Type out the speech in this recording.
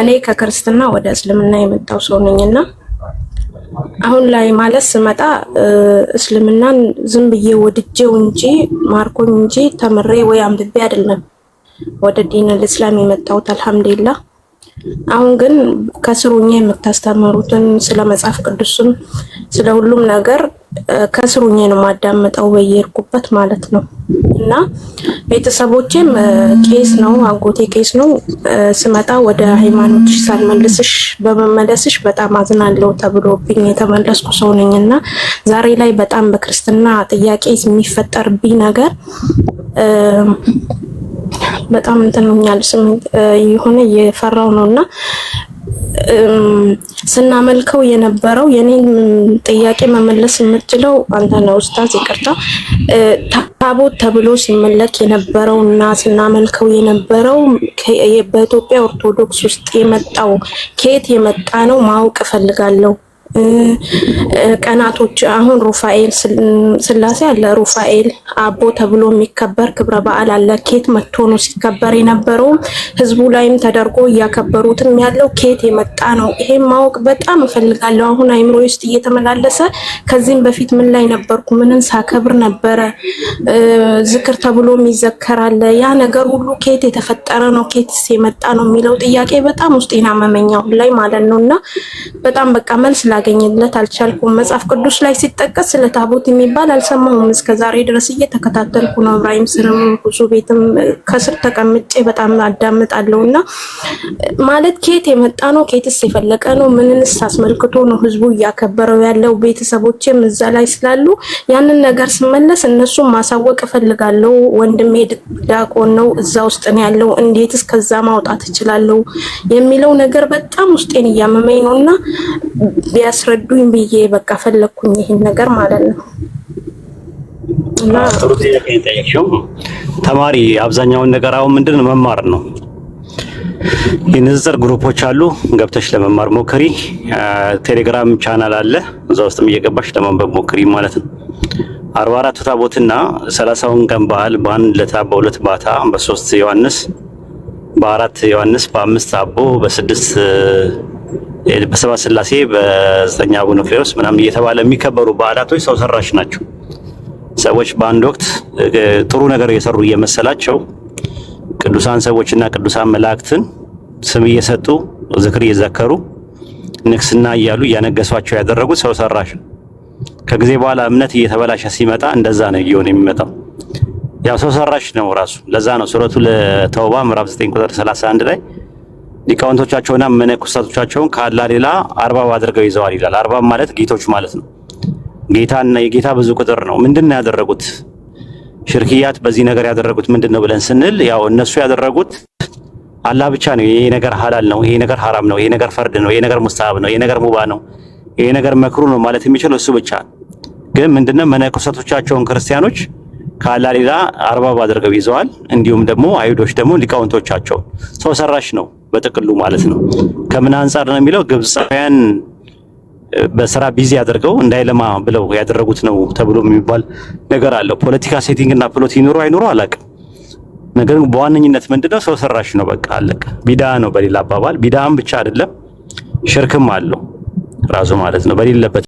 እኔ ከክርስትና ወደ እስልምና የመጣው ሰው ነኝና አሁን ላይ ማለት ስመጣ እስልምናን ዝም ብዬ ወድጄው እንጂ ማርኮኝ እንጂ ተምሬ ወይ አንብቤ አይደለም ወደ ዲን ልእስላም የመጣሁት አልሐምዱሊላ። አሁን ግን ከስሩኛ የምታስተምሩትን ስለ መጽሐፍ ቅዱስም ስለ ሁሉም ነገር ከስሩኛ ነው ማዳመጠው በየሄድኩበት ማለት ነው። እና ቤተሰቦቼም ቄስ ነው፣ አጎቴ ቄስ ነው። ስመጣ ወደ ሃይማኖትሽ ሳልመልስሽ በመመለስሽ በጣም አዝናለሁ ተብሎብኝ የተመለስኩ ሰው ነኝ እና ዛሬ ላይ በጣም በክርስትና ጥያቄ የሚፈጠርብኝ ነገር በጣም እንትንኛል ስም የሆነ እየፈራው ነው እና ስናመልከው የነበረው የኔን ጥያቄ መመለስ የምትችለው አንተና ኡስታዝ ይቅርታ፣ ታቦት ተብሎ ሲመለክ የነበረው እና ስናመልከው የነበረው በኢትዮጵያ ኦርቶዶክስ ውስጥ የመጣው ከየት የመጣ ነው ማወቅ እፈልጋለሁ። ቀናቶች አሁን ሩፋኤል ስላሴ አለ። ሩፋኤል አቦ ተብሎ የሚከበር ክብረ በዓል አለ። ኬት መጥቶ ነው ሲከበር የነበረውም ህዝቡ ላይም ተደርጎ እያከበሩትም ያለው ኬት የመጣ ነው። ይሄም ማወቅ በጣም እፈልጋለሁ። አሁን አይምሮ ውስጥ እየተመላለሰ ከዚህም በፊት ምን ላይ ነበርኩ? ምንን ሳከብር ነበረ? ዝክር ተብሎ ይዘከራል። ያ ነገር ሁሉ ኬት የተፈጠረ ነው? ኬትስ የመጣ ነው የሚለው ጥያቄ በጣም ውስጤን አመመኝ ላይ ማለት ነው እና በጣም በቃ መልስ ላ ላገኝለት አልቻልኩም። መጽሐፍ ቅዱስ ላይ ሲጠቀስ ስለ ታቦት የሚባል አልሰማሁም ዛሬ ድረስ እየተከታተልኩ ነው። እብራሂም ስርም ብዙ ቤትም ከስር ተቀምጬ በጣም አዳምጣለሁ እና ማለት ኬት የመጣ ነው ኬትስ የፈለቀ ነው ምንንስ አስመልክቶ ነው ህዝቡ እያከበረው ያለው? ቤተሰቦችም እዛ ላይ ስላሉ ያንን ነገር ስመለስ እነሱም ማሳወቅ እፈልጋለሁ። ወንድሜ ዲያቆን ነው እዛ ውስጥ ነው ያለው፣ እንዴትስ ከዛ ማውጣት እችላለሁ የሚለው ነገር በጣም ውስጤን እያመመኝ ነው እና ቢያስረዱኝ ብዬ በቃ ፈለግኩኝ ይሄን ነገር ማለት ነው። ጥሩ ጥያቄ ጠየቅሽው። ተማሪ አብዛኛውን ነገር አሁን ምንድን ነው መማር ነው። የንጽጽር ግሩፖች አሉ፣ ገብተሽ ለመማር ሞክሪ። ቴሌግራም ቻናል አለ፣ እዛ ውስጥም እየገባሽ ለማንበብ ሞክሪ ማለት ነው። አርባ አራቱ ታቦትና ሰላሳውን ቀን በዓል በአንድ ለታ በሁለት ባታ በሶስት ዮሐንስ በአራት ዮሐንስ በአምስት አቦ በስድስት በሰባ ስላሴ በዘጠኛ አቡነ ፍሬዎስ ምናምን እየተባለ የሚከበሩ በዓላቶች ሰው ሰራሽ ናቸው። ሰዎች በአንድ ወቅት ጥሩ ነገር እየሰሩ እየመሰላቸው ቅዱሳን ሰዎችና ቅዱሳን መላእክትን ስም እየሰጡ ዝክር እየዘከሩ ንግስና እያሉ እያነገሷቸው ያደረጉት ሰው ሰራሽ ከጊዜ በኋላ እምነት እየተበላሸ ሲመጣ እንደዛ ነው እየሆነ የሚመጣው። ያው ሰው ሰራሽ ነው ራሱ። ለዛ ነው ሱረቱ ለተውባ ምዕራፍ 9 ቁጥር 31 ላይ ሊቃውንቶቻቸውና መነኮሳቶቻቸውን ካላ ሌላ አርባብ አድርገው ይዘዋል ይላል። አርባብ ማለት ጌቶች ማለት ነው። ጌታና የጌታ ብዙ ቁጥር ነው። ምንድን ነው ያደረጉት? ሽርክያት በዚህ ነገር ያደረጉት ምንድን ነው ብለን ስንል ያው እነሱ ያደረጉት አላህ ብቻ ነው። ይሄ ነገር ሀላል ነው፣ ይሄ ነገር ሀራም ነው፣ ይሄ ነገር ፈርድ ነው፣ ይሄ ነገር ሙስተሀብ ነው፣ ይሄ ነገር ሙባ ነው፣ ይሄ ነገር መክሩ ነው ማለት የሚችለው እሱ ብቻ ግን ምንድነው መነኮሳቶቻቸውን ክርስቲያኖች ካላ ሌላ አርባብ አድርገው ይዘዋል። እንዲሁም ደግሞ አይሁዶች ደግሞ ሊቃውንቶቻቸው ሰው ሰራሽ ነው። በጥቅሉ ማለት ነው። ከምን አንጻር ነው የሚለው ግብፃውያን በስራ ቢዚ አድርገው እንዳይለማ ብለው ያደረጉት ነው ተብሎ የሚባል ነገር አለው። ፖለቲካ ሴቲንግ እና ፕሎት ይኑሩ አይኑሩ አላውቅም። ነገር ግን በዋነኝነት ምንድነው ሰው ሰራሽ ነው። በቃ አለቀ። ቢዳ ነው በሌላ አባባል። ቢዳም ብቻ አይደለም ሽርክም አለው ራሱ ማለት ነው በሌለበት